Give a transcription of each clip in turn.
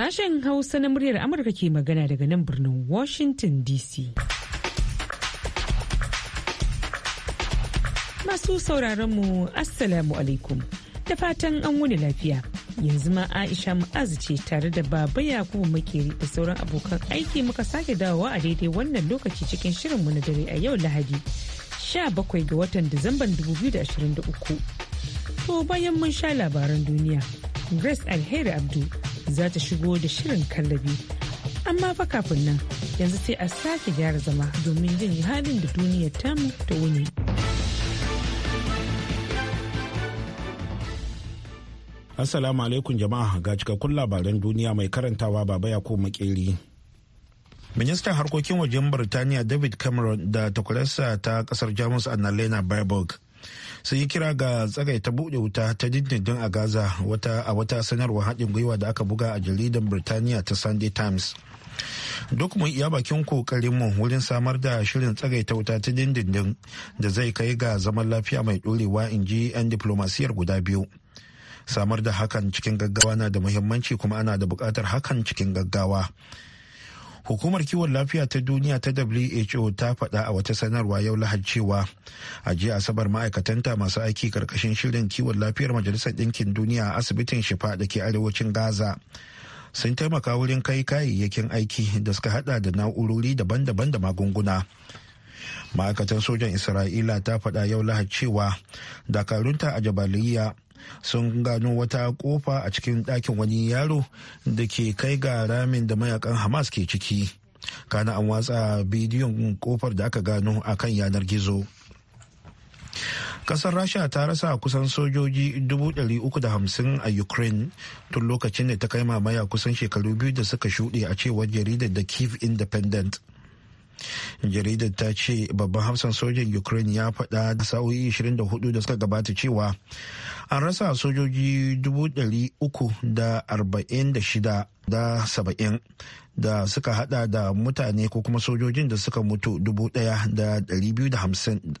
Sashen Hausa na muryar Amurka ke magana daga nan birnin Washington DC. Masu sauraron mu Assalamu alaikum da fatan an wuni lafiya. Yanzu ma Aisha Mu'azu ce tare da Baba Yakubu Makeri da sauran abokan aiki muka sake dawowa a daidai wannan lokaci cikin shirinmu na dare a yau Lahadi sha bakwai ga watan Disamban 2023. To bayan mun sha labaran duniya, Grace Alheri Abdul. za ta shigo da shirin kallabi. Amma fa kafin nan yanzu sai a sake gyara zama domin jin halin da duniyar tamu ta wuni. Assalamu alaikum jama'a ga cikakkun labaran duniya mai karantawa baba ya ko Makeri. Ministan harkokin wajen Birtaniya David Cameron da takwararsa ta kasar Jamus Annalena Baerbock sai yi kira ga tsagaita buɗe wuta ta dindindin a gaza wata a wata sanarwar haɗin gwiwa da aka buga a jaridar birtaniya ta sunday times duk mun iya bakin kokarinmu wurin samar da shirin tsagaita wuta ta dindindin da zai kai ga zaman lafiya mai ɗorewa in ji 'yan diplomasiyar guda biyu samar da hakan cikin gaggawa na da muhimmanci kuma ana da buƙatar hakan cikin gaggawa hukumar kiwon lafiya ta duniya ta who ta faɗa a wata sanarwa yau lahad cewa a jiya asabar ma'aikatanta masu aiki karkashin shirin kiwon lafiyar majalisar ɗinkin duniya a asibitin shifa da ke arewacin gaza sun taimaka wurin kai kayayyakin aiki da suka hada da na'urori daban-daban da magunguna ma'aikatan sojan isra'ila ta faɗa yau lahad cewa dakarunta a jabaliya sun gano wata kofa a cikin ɗakin wani yaro da ke kai ga ramin da mayakan hamas ke ciki kana an watsa bidiyon kofar da aka gano a kan yanar gizo kasar rasha ta rasa kusan sojoji 350 a ukraine tun lokacin da ta kai mamaya kusan shekaru biyu da suka shuɗe a cewar jaridar da kiev independent jaridar ta ce babban hafsan sojan ukraine ya faɗa da sa'o'i 24 da suka gabata cewa an rasa sojoji 346 da saba'in da suka hada da mutane ko kuma sojojin da suka mutu 1,250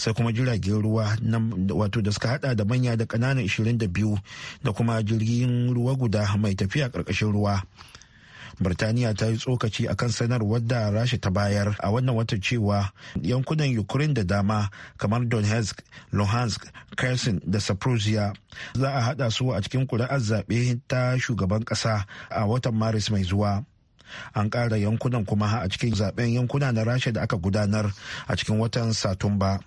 sai kuma jiragen ruwa wato da suka hada da manya da kananan 22 da kuma jirgin ruwa guda mai tafiya karkashin ruwa Birtaniya ta yi tsokaci a kan sanarwar da Rasha ta bayar a wannan wata cewa yankunan Ukraine da dama kamar Donetsk, Luhansk, Kherson da Saprosia za a haɗa su a cikin kuri'ar zaɓe ta shugaban ƙasa a watan Maris mai zuwa. An ƙara yankunan kuma a cikin zaɓen yankuna na Rasha da aka gudanar a cikin watan Satumba.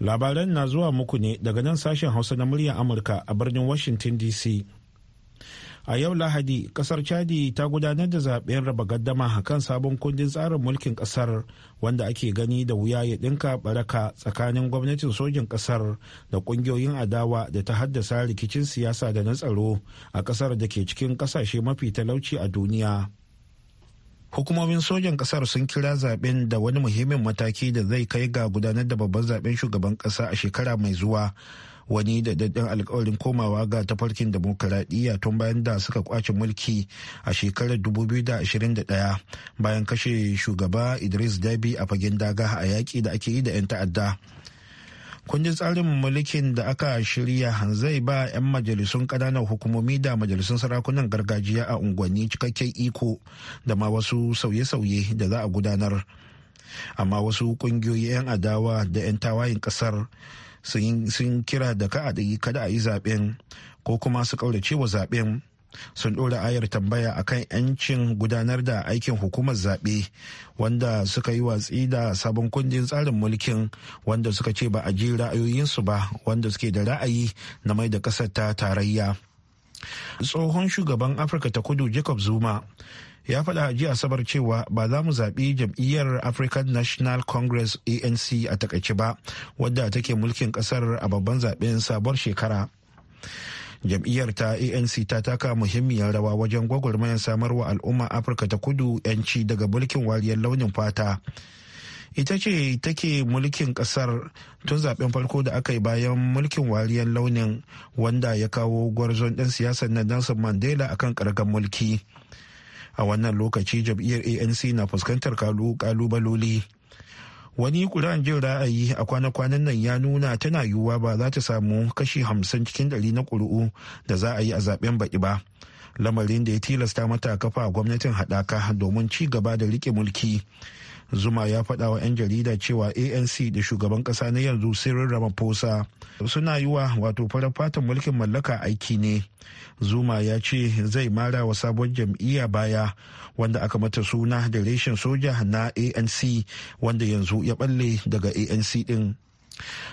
labaran na zuwa muku ne daga nan sashen hausa na muryar amurka a birnin washington dc a yau lahadi kasar chadi ta gudanar da zaben raba gaddama a kan sabon kundin tsarin mulkin kasar wanda ake gani da wuya ya dinka baraka tsakanin gwamnatin sojin kasar da kungiyoyin adawa da ta haddasa rikicin siyasa da na tsaro a kasar da ke cikin kasashe mafi talauci a duniya hukumomin sojan kasar sun kira zaben da wani muhimmin mataki da zai kai ga gudanar da babban zaben shugaban kasa a shekara mai zuwa wani da daddan alkawarin komawa ga tafarkin demokuraɗiyya tun bayan da suka kwace mulki a shekarar 2021 bayan kashe shugaba idris dabi a fagen daga a yaƙi da ake yi da 'yan ta'adda Kun ji tsarin mulkin da aka shirya zai ba 'yan majalisun ƙananan hukumomi da majalisun sarakunan gargajiya a unguwanni cikakken iko da ma wasu sauye-sauye da za a gudanar amma wasu ƙungiyoyi 'yan adawa da 'yan tawayin ƙasar sun kira da ka a yi zaben ko kuma su ƙaurace wa zaben. sun ɗora ayar tambaya akan 'yancin gudanar da aikin hukumar zaɓe wanda suka yi watsi da sabon kundin tsarin mulkin wanda suka ce ba a ji ra'ayoyinsu ba wanda suke da ra'ayi na mai da ƙasar ta tarayya tsohon shugaban afirka ta kudu jacob zuma ya faɗa a jiya asabar cewa ba za mu zaɓi jam'iyyar african national congress anc a takaice ba wadda take mulkin ƙasar a babban zaɓen sabuwar shekara jam'iyyar ta anc ta taka muhimmiyar rawa wajen gwagwarmayar samarwa al'umma afirka ta kudu 'yanci daga mulkin wariyar launin fata ita ce take mulkin kasar tun zaben farko da aka yi bayan mulkin wariyar launin wanda ya kawo gwarzon ɗan siyasar na nelson mandela akan karkar mulki a wannan lokaci jam'iyyar anc na fuskantar kalubaloli wani kuran jin ra'ayi a kwana-kwanan nan ya nuna tana yiwuwa ba za ta samu kashi hamsin cikin ɗari na ƙuri'u da za a yi a zaben baƙi ba lamarin da ya tilasta mata kafa gwamnatin haɗaka domin ci gaba da riƙe mulki zuma ya faɗa wa 'yan jarida cewa anc da shugaban ƙasa na yanzu sirrin ramaphosa suna yi wa wato farar fatan mulkin mallaka aiki ne zuma ya ce zai mara wa sabon jam'iyya baya wanda aka mata suna da reshen soja na anc wanda yanzu ya balle daga anc din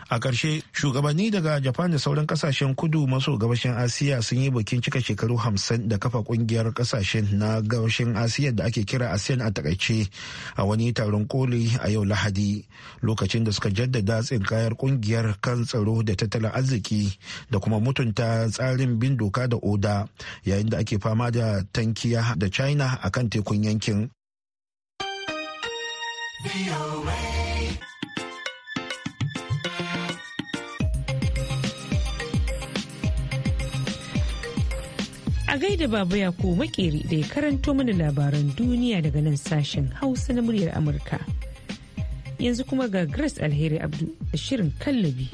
a ƙarshe shugabanni daga japan da sauran kasashen kudu maso gabashin asiya sun yi bikin cika shekaru hamsin da kafa kungiyar kasashen na gabashin asiya da ake kira asiyan a takaice a wani taron koli a yau lahadi lokacin da suka jaddada tsinkayar kungiyar kan tsaro da tattalin arziki da kuma mutunta tsarin bin doka da oda yayin da ake fama da tankiya da china a kan tekun yankin. A gaida Baba ko Makeri da ya karanto mana labaran duniya daga nan sashen Hausa na muryar Amurka. Yanzu kuma ga Grace Alheri Abdu da shirin kallabi.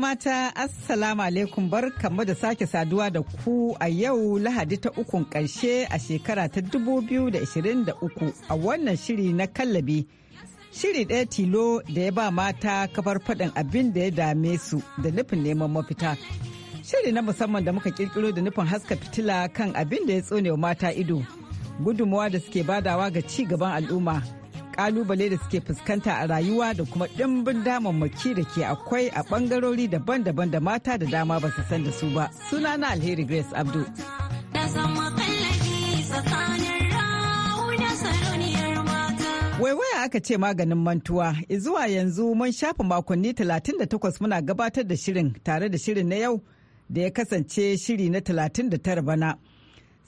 mata assalamu alaikum bar kamar da sake saduwa da ku a yau lahadi ta ukun karshe a shekara ta 2023 a wannan shiri na kallabi shiri ɗaya tilo da ya ba mata kafar faɗin abin da ya dame su da nufin neman mafita shiri na musamman da muka kirkiro da nufin haska fitila kan abin da ya tsonewa mata ido gudunmawa da suke badawa ga ci gaban al'umma kalubale da suke fuskanta a rayuwa da kuma ɗimbin damammaki da ke akwai a ɓangarori daban-daban da mata da dama ba su san da su ba. Suna na Alheri Grace Abdul. Waiwaya aka ce maganin mantuwa, zuwa yanzu mun shafa makonni 38 muna gabatar da shirin tare da shirin na yau da ya kasance shiri na 39 bana.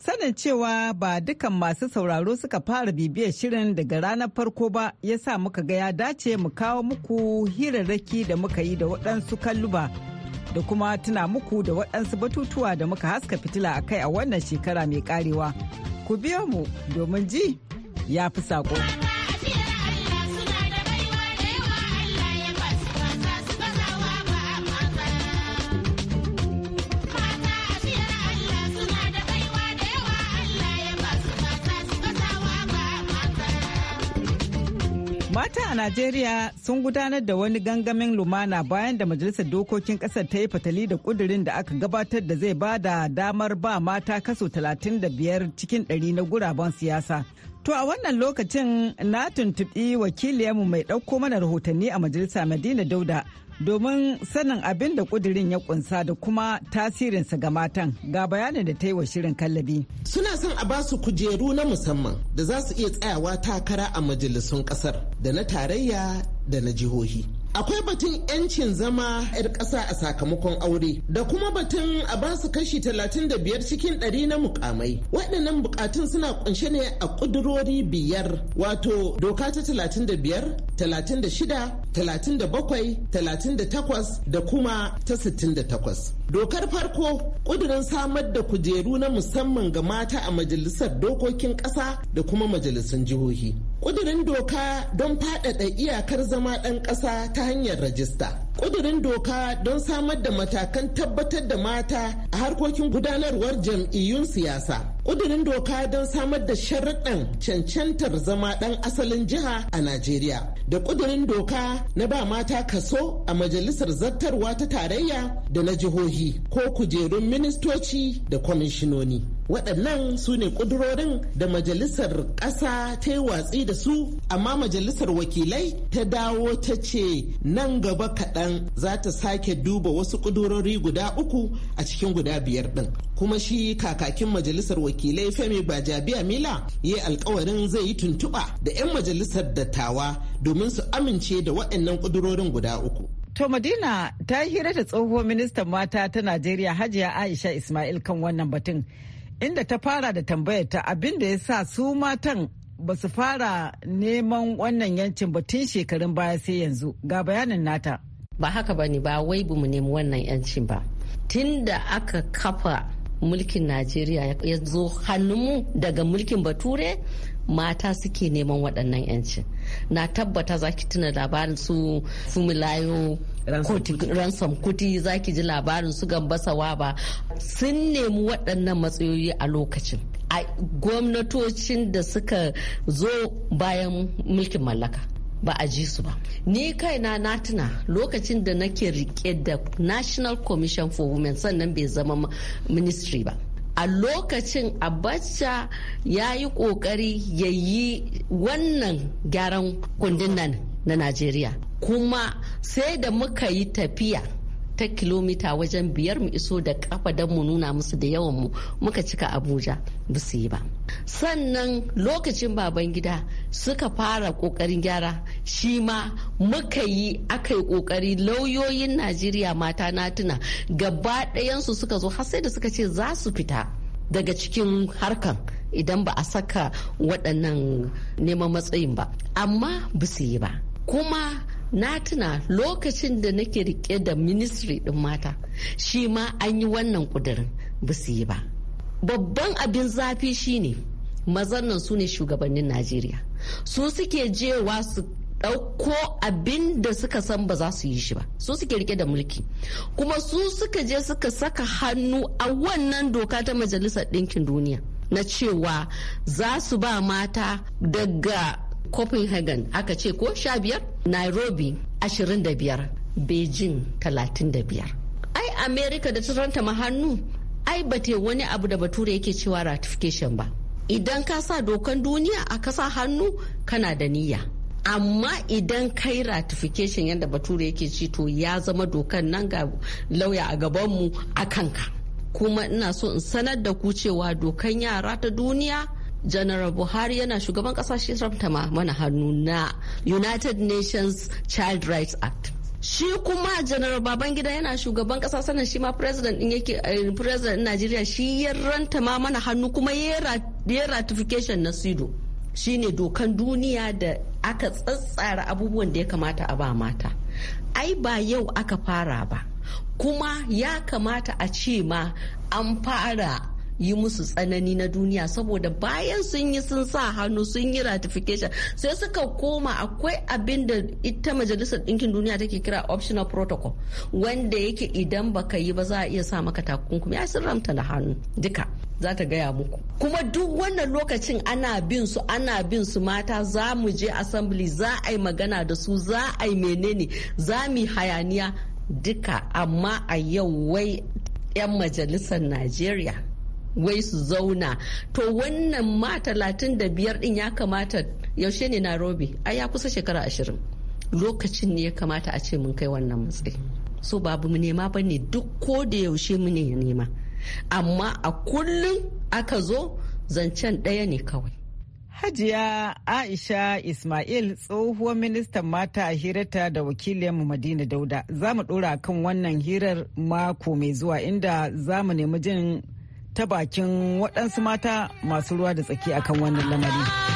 Sanin cewa ba dukan masu sauraro suka fara bibiyar shirin daga ranar farko ba ya sa muka ga ya dace mu kawo muku hirarraki da muka yi da waɗansu kalluba da kuma tuna muku da waɗansu batutuwa da muka haska fitila a kai a wannan shekara mai karewa. Ku biyo mu domin ji ya fi saƙo. Mata a Najeriya sun gudanar da wani gangamin lumana bayan da Majalisar Dokokin Ƙasar ta yi fatali da ƙudurin da aka gabatar da zai ba da damar ba mata kaso 35 cikin 100 na guraben siyasa. To a wannan lokacin na tuntuɓi wakiliyarmu mai ɗauko mana rahotanni a majalisar Madina Dauda domin sanin abin da kudirin ya kunsa da kuma tasirinsa ga matan ga bayanin da ta yi wa shirin kallabi. Suna son a basu kujeru na musamman da za su iya tsayawa takara a majalisun kasar da na tarayya da na jihohi. akwai batun 'yancin zama 'yar ƙasa a sakamakon aure da kuma batun a ba su kashi 35 cikin 100 na mukamai waɗannan bukatun suna kunshe ne a ƙudurori biyar wato doka ta 35 36 37 38 da kuma ta 68 dokar farko ƙudurin samar da kujeru na musamman ga mata a majalisar dokokin ƙasa da kuma majalisun jihohi ƙudurin doka don faɗaɗa iyakar zama ɗan ƙasa ta hanyar rajista ƙudurin doka don samar da matakan tabbatar da mata a harkokin gudanarwar jam'iyyun siyasa ƙudurin doka don samar da sharaɗin cancantar zama ɗan asalin jiha a najeriya da ƙudurin doka na ba mata kaso a majalisar zartarwa ta tarayya da na jihohi ko kujerun ministoci da kwamishinoni waɗannan su ne ƙudurorin da majalisar ƙasa ta yi watsi da su amma majalisar wakilai ta dawo ta ce nan gaba kaɗan za ta sake duba wasu ƙudurori guda uku a cikin guda biyar ɗin kuma shi kakakin majalisar wakilai femi bajabiya mila ya yi alkawarin zai yi tuntuɓa da 'yan majalisar dattawa domin su amince da waɗannan ƙudurorin guda uku To Madina ta hira da tsohuwar ministan mata ta Najeriya Hajiya Aisha Ismail kan wannan batun. inda ta fara da tambayar ta abin da ya sa su matan ba su fara neman wannan yancin ba tun shekarun baya sai yanzu ga bayanin nata. Ba haka ba ne ba wai mu nemi wannan yancin ba. Tun da aka kafa mulkin Najeriya ya zo hannunmu daga mulkin Bature mata suke neman waɗannan yancin. na tabbata za ki tuna labarin su fumilayo ransom kuti za ki ji labarin su gambasawa ba sun nemi waɗannan matsayoyi a lokacin a gwamnatocin da suka zo bayan mulkin mallaka ba a ji su ba ni kaina na tuna lokacin da nake rike da national commission for women sannan bai zama ministry ba a lokacin abacha ya yi kokari ya yi wannan gyaran kundin nan na najeriya kuma sai da muka yi tafiya ta kilomita wajen biyar mu iso da kafa don mu nuna musu da yawan mu muka cika abuja ba su yi ba sannan lokacin baban gida suka fara kokarin gyara shi ma muka yi aka yi kokari lauyoyin najeriya mata na tuna gaba ɗayansu suka zo har sai da suka ce za su fita daga cikin harkan idan ba a saka waɗannan neman matsayin ba amma ba su yi ba kuma na tuna lokacin da nake rike da ministry ɗin mata shi ma an yi wannan ƙudurin ba su yi ba babban abin zafi shine mazan nan su ne shugabannin najeriya su suke jewa su ɗauko abin da suka san ba za su yi shi ba su suke rike da mulki kuma su suka je suka saka hannu a wannan doka ta majalisar ɗinkin duniya na cewa za su ba mata daga copenhagen aka ce ko sha biyar nairobi ashirin da biyar beijing talatin da biyar ai america da ta ranta ma hannu ai ba wani abu da bature yake cewa ratification ba idan ka sa dokan duniya a kasa hannu kana da niyya amma idan kai ratification yadda bature yake ci to ya zama dokan nan ga lauya a gabanmu a kanka kuma ina so in sanar da ku cewa dokan yara ta duniya general buhari yana shugaban kasashe ramta mana hannu na united nations child rights act shi kuma janar babangida yana shugaban kasa sanan shi ma president din yake eh, president najeriya shi ya ranta ma mana hannu kuma ya ratification na sido ne dokan duniya da aka tsatsara abubuwan da ya kamata a ba mata ai ba yau aka fara ba kuma ya kamata a ce ma an fara yi musu tsanani na duniya saboda bayan sun yi sun sa hannu sun yi ratification sai suka koma akwai abin da ita majalisar ɗinkin duniya take kira optional protocol wanda yake idan baka yi ba za a iya sa maka takunkumi ya sun ramta da hannu duka za ta gaya muku kuma duk wannan lokacin ana bin su ana bin su mata za mu je assembly za a yi magana da su za a yi menene za mu yi hayaniya duka amma a yau wai 'yan majalisar najeriya wai su zauna to wannan ma talatin da biyar din ya kamata yaushe ne nairobi ai ya kusa shekara ashirin lokacin ne ya kamata a ce mun kai wannan matsayi so babu mu nema ba ne duk ko da yaushe mu ne nema amma a kullum aka zo zancen ɗaya ne kawai Hajiya Aisha Ismail tsohuwar ministan mata a hirarta da wakiliyarmu Madina Dauda. Za mu ɗora kan wannan hirar mako mai zuwa inda za mu nemi jin ta bakin waɗansu mata masu ruwa da tsaki akan wannan lamari.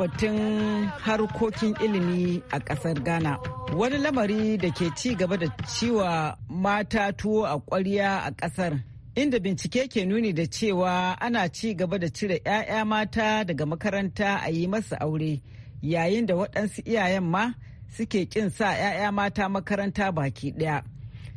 batun harkokin ilimi a ƙasar Ghana. Wani lamari da ke ci gaba da ciwa mata tuwo a ƙwarya a ƙasar. Inda bincike ke nuni da cewa ana ci gaba da cire 'ya'ya mata daga makaranta a yi masa aure yayin da waɗansu iyayen ma suke ƙin sa 'ya'ya mata makaranta baki ɗaya.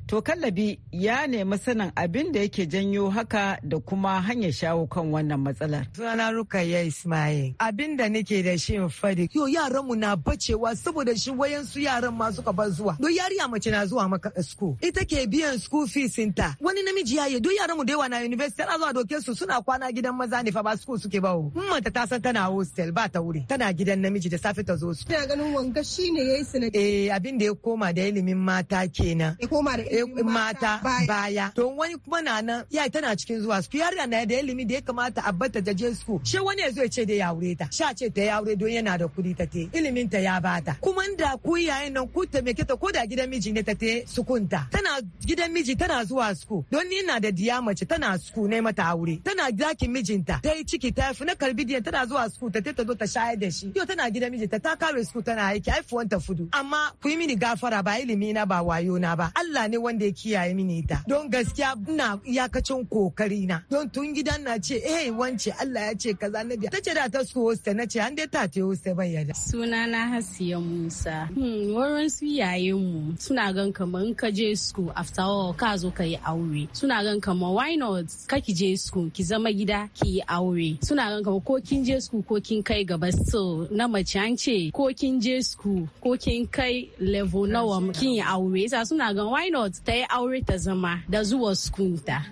To kallabi ya nemi sanin abin da yake janyo haka da kuma hanyar shawo kan wannan matsalar. Sunana Rukayya Ismail. Abin da nake da shi in fadi. Yo yaran mu na bacewa saboda shi wayan su yaran ma suka bar zuwa. Do yariya mace na zuwa maka school. Ita ke biyan school fees ta. Wani namiji yayi do yaran mu da yawa na university ana zuwa doke su suna kwana gidan maza ne fa ba school suke bawo. Mata ta san tana hostel ba ta wuri. Tana gidan namiji da safe ta zo su. Ina ganin wanga shine yayi sanadi. Eh abin da ya koma da ilimin mata kenan. Ya koma da Eh, mata baya to wani kuma na nan yayi tana cikin zuwa su da na da ilimi da ya kamata a bata ta je su she wani ya zo ya ce da ya aure ta sha ce ta ya aure don yana da kudi ta te ilimin ta ya bata kuma da ku yayin nan ku ta meke ta koda gidan miji ne ta te sukunta tana gidan miji tana zuwa su don ni na da diya mace tana su ne mata aure tana zakin mijinta ta yi ciki ta fi na karbi diyan tana zuwa su ta te ta zo ta shayar da shi yau tana gidan mijinta ta kare su tana aiki haifuwan ta fudu amma ku yi mini gafara ba ilimi na ba wayo na ba Allah ne wanda ya kiyaye mini ita don gaskiya ina iyakacin kokari na don tun gidan na ce eh wance Allah ya ce kaza na biya tace da ta su hosta na ce an dai ta ta hosta ban yada suna na Hasiya Musa hmm wurin su yaye mu suna gan kaman ka je school after all ka zo ka yi aure suna gan kaman why not ka ki je school ki zama gida ki yi aure suna gan kaman ko kin je school ko kin kai gaba so na mace an ce ko kin je school ko kin kai level nawa kin yi aure yasa suna gan why not ta yi aure ta zama da zuwa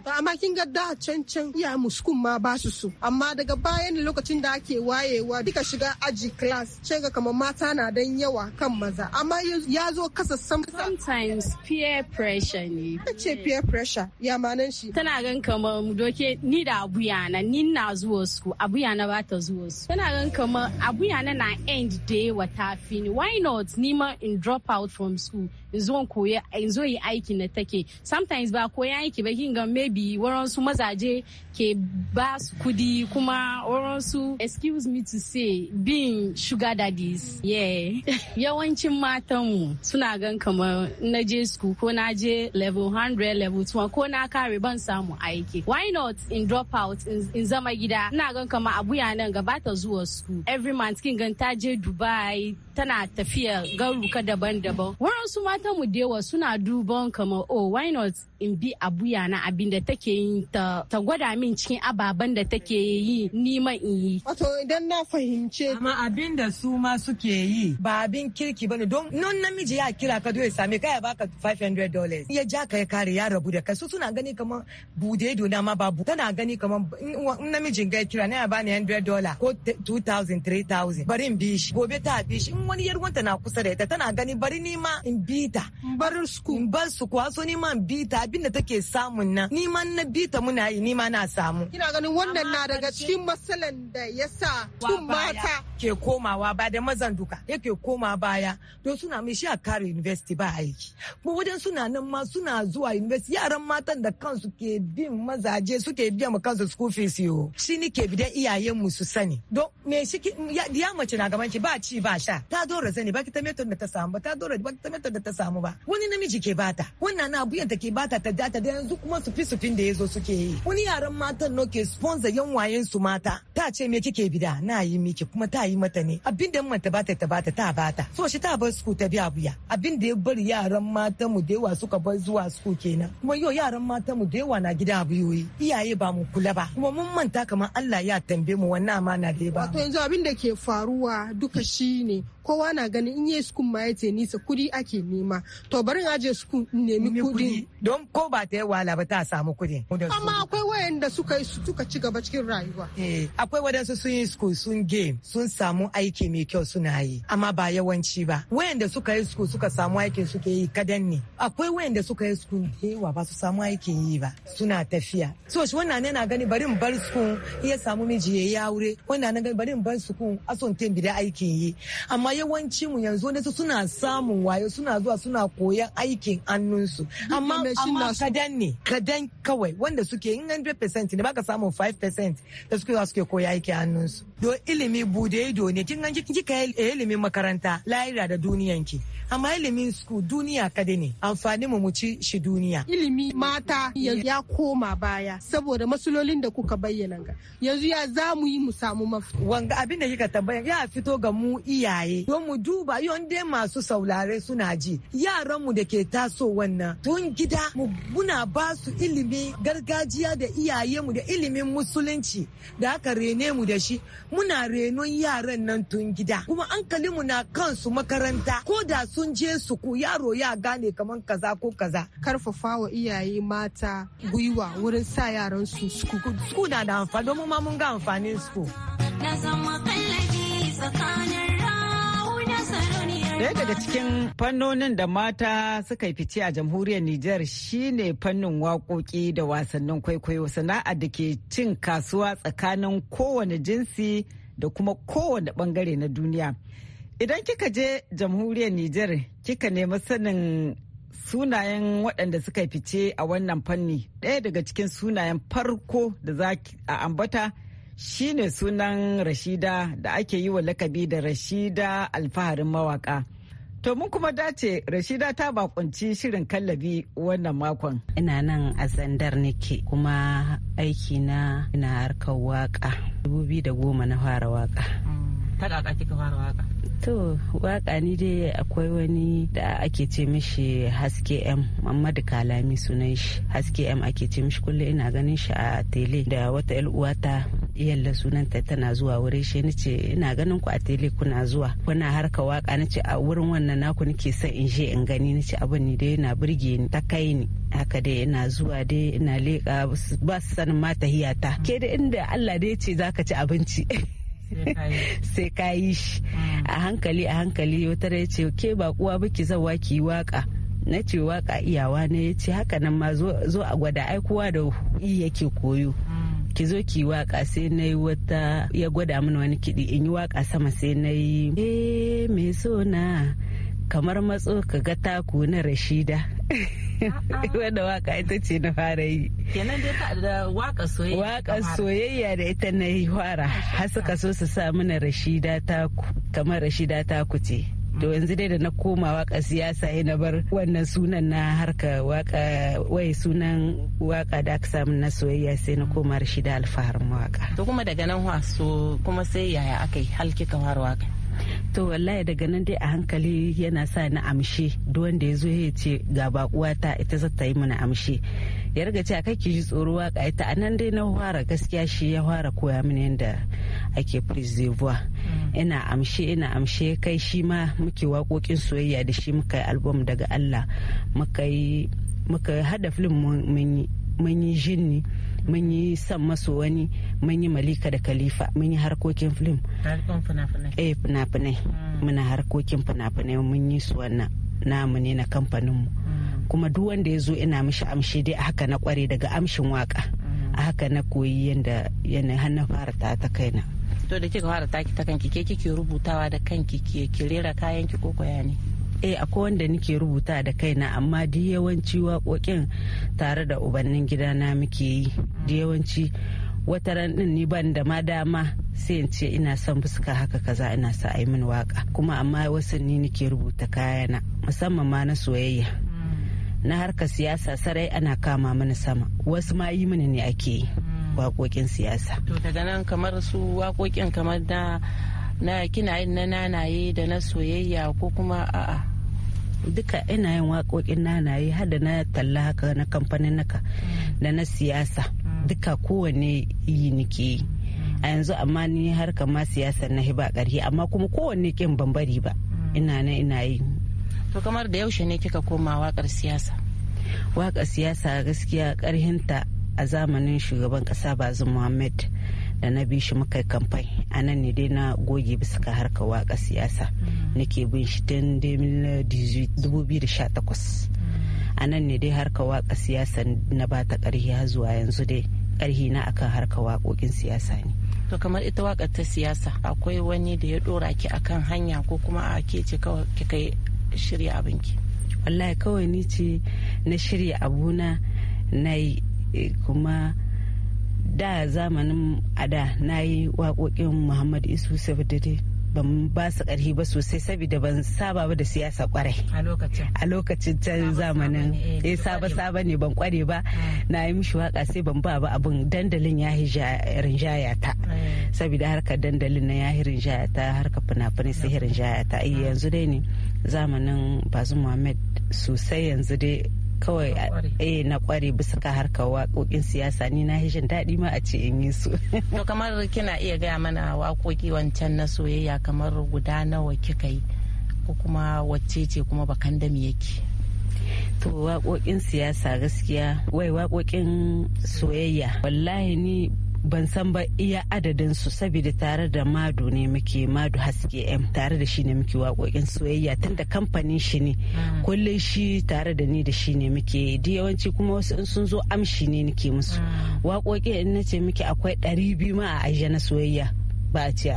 Ba amma kin ga da can can iya muskun ma ba su so amma daga bayan lokacin da ake wayewa duka shiga aji class ce ga kamar mata na dan yawa kan maza amma ya zo kasa sam sometimes peer pressure ne ce peer pressure ya manan shi tana gan kamar mu doke ni da abuya na ni na zuwa su abu yana ba ta zuwa su tana gan kamar abu na na end day wata fini why not ni ma in drop out from school in zo koyi in zo yi aiki aikin da take sometimes ba koyan aiki ba kinga maybe waran su mazaje ke ba su kudi kuma waran su excuse me to say being sugar daddies yeah yawancin matan mu suna gan kamar na je school ko na je level 100 level 2 ko na kare ban samu aiki why not in drop out in zama gida ina gan kamar abuya nan gaba ta zuwa school every month kin gan ta je dubai tana tafiya garuka daban-daban waran su matan mu dewa suna duban kamar oh why not in bi abuya na abin da take yi ta, ta gwada min cikin ababen da take yi nima in yi. Wato idan na fahimce. Amma abin da su ma suke yi ba abin kirki bane don non namiji ya kira ka ya same ka ya baka 500 dollars. Ya ja ka ya kare ya rabu da kai su suna gani kamar bude n'a ma babu tana gani kamar in namijin ga kira na ya bani 100 dollars ko 2000 3000 bari in bi shi gobe ta bi shi in wani yarwanta na kusa da ita tana gani bari ni ma in bi ta. Bar su bar su kuwa so ni man bita abinda take samun nan ni man na bita muna yi ni ma na samu kina ganin wannan na daga cikin matsalan da yasa tun mata ke komawa ba da mazan duka yake koma baya don suna mai shi a kare university ba aiki kuma wajen suna nan ma suna zuwa university yaran matan da kansu ke bin mazaje suke biya ma kansu school fees yo shi ni ke bidan iyayen mu su sani don me shi ya mace na gaban ki ba ci ba sha ta dora zani ba ki ta meton da ta samu ba ta dora ba ki ta meton da ta samu ba wani namiji ke bata wannan na abuyan ke bata ta data da yanzu kuma su fi sufin da ya zo suke yi wani yaran matan no ke sponsor yan wayen su mata ta ce me kike bida na yi miki kuma ta yi mata ne abin da ta bata ta bata ta bata so shi ta bar suku ta biya buya abin da ya bari yaran matan mu da yawa suka bar zuwa su kenan kuma yau yaran matan mu da yawa na gida abuyoyi iyaye ba mu kula ba kuma mun manta kamar Allah ya tambaye mu wannan amana da ya ba wato yanzu abin da ke faruwa duka shine kowa na ganin in yi sukun ma ya ce nisa kudi ake nema to barin aje sukun nemi kudi don ko ba ta yi wala ba ta samu kudi amma akwai wayanda suka yi suka ci gaba cikin rayuwa eh akwai wadansu sun yi school sun game sun samu aiki mai kyau suna yi amma ba yawanci ba wayanda suka yi school suka samu aikin suke yi kadan ne akwai wayanda suka yi school da yawa ba su samu aikin yi ba suna tafiya so shi wannan yana gani bari in bar school iya samu miji ya aure wannan na gani bari in bar school ason tem bi da aikin yi amma yawanci mu yanzu ne suna samun wayo suna zuwa suna koyan aikin an hannunsu amma amma kadan ne kadan kawai wanda suke in 100% ne baka samu 5% da suke suke koya yake hannunsu do ilimi bude ido ne kin ganji kika ilimin makaranta lahira da duniyanki amma ilimin su duniya kada ne amfani mu ci shi duniya ilimi mata ya koma baya saboda masulolin da kuka bayyana ga yanzu ya za mu yi mu samu mafita wanga abin da kika tambaya ya fito ga mu iyaye don mu duba yonde masu saulare suna ji yaran mu da ke taso wannan tun gida mu muna ba su ilimi gargajiya da iyaye mu da ilimin musulunci da aka rene mu da shi muna renon yaran nan tun gida kuma mu na kansu makaranta ko da su sun je su ku yaro ya gane kamar kaza ko kaza karfafa wa iyaye mata gwiwa wurin sa yaran su suku na da amfani domin ma mun ga amfanin su Daya daga cikin fannonin da mata suka yi fice a jamhuriyar Nijar shine fannin waƙoƙi da wasannin kwaikwayo sana'a da ke cin kasuwa tsakanin kowane jinsi da kuma kowane bangare na duniya. Idan kika je jamhuriyar Nijar kika nemi sanin sunayen waɗanda suka fice a wannan fanni ɗaya daga cikin sunayen farko da za a ambata shine sunan Rashida da ake yi wa lakabi da Rashida alfaharin mawaka. To mun kuma dace Rashida ta bakunci shirin kallabi wannan makon. Ina nan a zandar nake kuma aiki na ina harkar waka. goma na fara waka. Ta kaka kika fara waka? To waka ni dai akwai wani da ake ce mishi haske M Muhammadu Kalami sunan shi haske M ake ce mishi kullum ina ganin shi a tele da wata uwa uwata yalla sunanta tana zuwa wuri shi ni ce ina ganin ku a tele kuna zuwa kuna harka waka ni ce a wurin wannan naku nake son in je in gani ni ce abin ni dai na burge ni ta kai ni haka dai ina zuwa dai ina leƙa ba su sanin ma tahiyata ke da inda Allah dai ce zaka ci abinci sai ka yi shi mm. a hankali a hankali wata rai ce ke ba kuwa baki zawa ki yi waka na ce waka iyawa ne ya ce haka nan ma zo a gwada aikuwa da yi yake koyo mm. ki zo ki waka sai na yi wata ya gwada mini wani kiɗi in yi waka sama sai na yi eh me so na kamar matso ka ga taku na rashida wadda waka ita ce na fara yi kenan dai da waka soyayya waka soyayya da ita na yi fara har suka so su sa mana rashida taku kamar rashida taku ce to mm. yanzu dai da na koma waka siyasa yi na bar wannan sunan na harka waka wai sunan waka da aka samu na soyayya sai na mm. koma rashida alfaharin waka to kuma daga nan waso kuma sai yaya aka yi halki kamar waka to wallahi daga nan dai a hankali yana sa na amshi duk wanda ya zo ya ce ga bakuwa ta ita za ta yi mana amshe ya riga ce kai ki ji tsoro waka ita a nan dai na fara gaskiya shi ya fara koya mini yadda ake preservoir mm. ina amshe ina amshe kai shi ma muke waƙoƙin soyayya da shi muka yi album daga Allah muka yi muka hada film mun yi mun mun yi san maso wani mun yi malika da kalifa mun yi harkokin film eh fina-finai hmm. muna harkokin fina-finai mun yi su wannan namu ne na kamfanin mu. Hmm. kuma duk wanda ya zo ina mishi amshi dai haka na kware daga amshin waka hmm. a haka na koyi yadda yana hannun fara ta ta kaina to da kika fara ta ki ta kanki ke kike rubutawa da kanki ke ki rera kayan ki ko koya ne eh akwai wanda nake rubuta da kaina amma duk yawanci waƙoƙin tare da ubannin gidana muke yi duk yawanci wata ran din ni ban da ma dama sai in ce ina son fuska haka kaza ina sa yi min waka kuma amma wasu ni nake rubuta kayana musamman ma na soyayya mm. na harkar siyasa sarai ana kama mana sama wasu ma yi mini ne ake yi mm. waƙoƙin siyasa to daga nan kamar su waƙoƙin kamar na na kina yin na nanaye da na soyayya ko kuma a'a duka ina yin waƙoƙin na yi hada na talla haka na kamfanin naka da na siyasa mm. duka kowanne yi nike yi a yanzu amma ni har kama siyasa na hiba ƙarhi amma kuma kowanne kin bambari ba mm. ina na ina yi to kamar da yaushe ne kika koma waƙar siyasa waƙar siyasa gaskiya ƙarhinta a zamanin shugaban ƙasa bazin muhammad da na bi shi muka kamfai a nan ne dai na goge bisa ka harkar waka siyasa mm. nake bin shi tun 2018 mm. a nan ne dai harkar waka siyasa na ba ta karhi har zuwa yanzu dai karhi na akan harkar waƙoƙin siyasa ne to kamar ita waka ta siyasa akwai wani da ya dora ki akan hanya ko kuma a ke ce kawai kai shirya abinki wallahi kawai ni ce na shirya abuna na yi eh, kuma da zamanin ada na yi waƙoƙin muhammad isu sabidade ban ba su ƙarfi ba sosai saboda ban saba ba da siyasa kwarai a lokacin can zamanin eh saba eh, saba ne ban kware ba eh. na yi mishi waka sai ban ba ba abin dandalin ya yi rinjaya ta eh. saboda harkar dandalin na ya yi rinjaya ta harkar fina-finai sai rinjaya ta yanzu dai ne zamanin bazin muhammad sosai yanzu dai kawai eh na kware bisa ka harkar waƙoƙin siyasa ni na jin daɗi ma a ce in yi su to kamar kina iya gaya mana waƙoƙi wancan na soyayya kamar guda nawa kika yi ko kuma wacce ce kuma bakan da yake to waƙoƙin siyasa gaskiya wai waƙoƙin soyayya wallahi ni ban san ba iya adadin su saboda tare da madu ne muke madu haske m tare da shi ne muke waƙoƙin soyayya tun da kamfanin shi ne ah. kullum shi tare da ni da shi ne muke da yawanci kuma wasu in sun zo amshi ne nake musu ah. waƙoƙi in nace muke akwai ɗari biyu ma a ajiye na soyayya ba a ce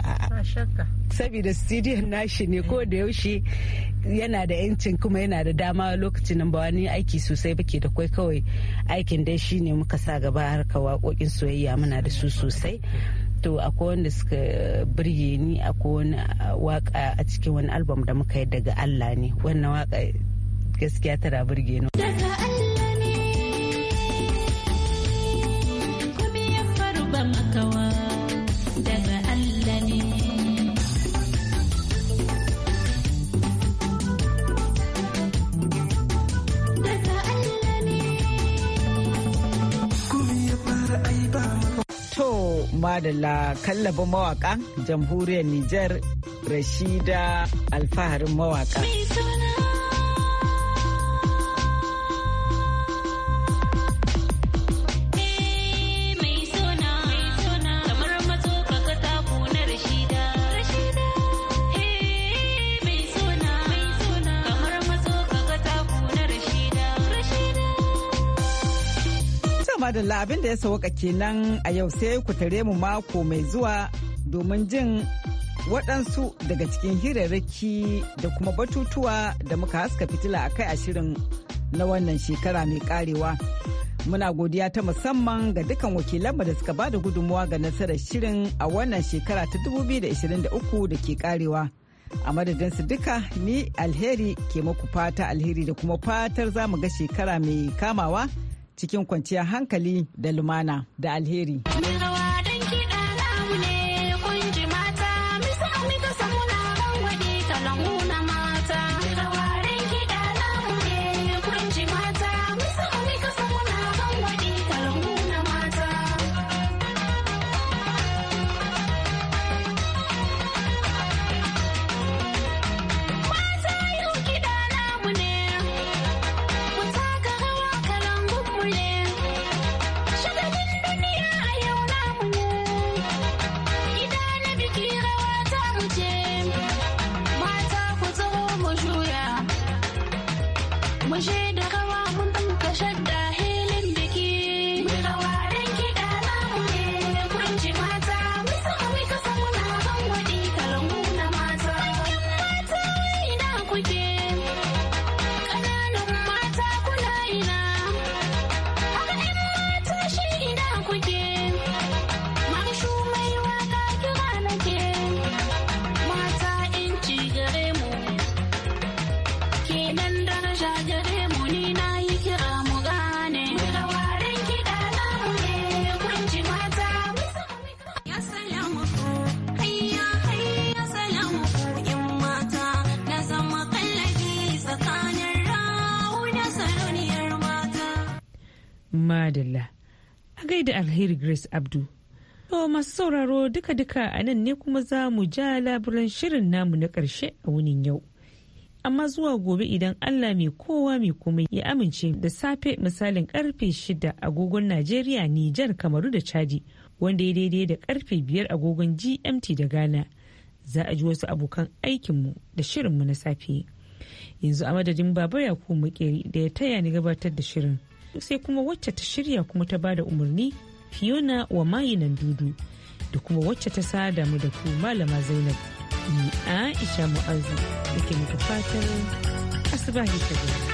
saboda studiyon nashi ne ko da yaushe yana da yancin kuma yana da dama lokacin nan ba wani aiki sosai bake da kwai kawai aikin dai ne muka sa gaba harka waƙoƙin soyayya muna da su sosai to akwai wanda suka birge ni akwai wani waka a cikin wani album da muka yi daga Allah ne wannan waka gaskiya tana birge ni la kallabin mawaka jamhuriyar Nijar Rashida alfaharin mawaka. madalla abin da ya sauka kenan a yau sai ku tare mu mako mai zuwa domin jin waɗansu daga cikin hirarraki da kuma batutuwa da muka haska fitila a kai a shirin na wannan shekara mai karewa. Muna godiya ta musamman ga dukkan wakilanmu da suka ba da gudunmuwa ga nasarar shirin a wannan shekara ta 2023 da ke karewa. A madadin su duka ni alheri ke maku fata alheri da kuma fatar za mu ga shekara mai kamawa. cikin kwanciyar hankali da lumana da alheri. Moi j'ai de madalla a gaida alheri grace abdu to masu sauraro duka-duka a nan ne kuma za mu ja laburan shirin namu na ƙarshe a wunin yau amma zuwa gobe idan allah mai kowa mai kuma ya amince da safe misalin karfe shida agogon najeriya nijar kamaru da chadi wanda ya daidai da karfe biyar agogon gmt da ghana za a ji wasu abokan aikinmu da shirinmu na safe yanzu a madadin baba mu makeri da ya taya ni gabatar da shirin sai kuma wacce ta shirya kuma ta bada umarni fiona wa mayi nan dudu da kuma wacce ta sada mu da ku malama zainab ni aisha mu'azu da ke muku fatan asibahi ta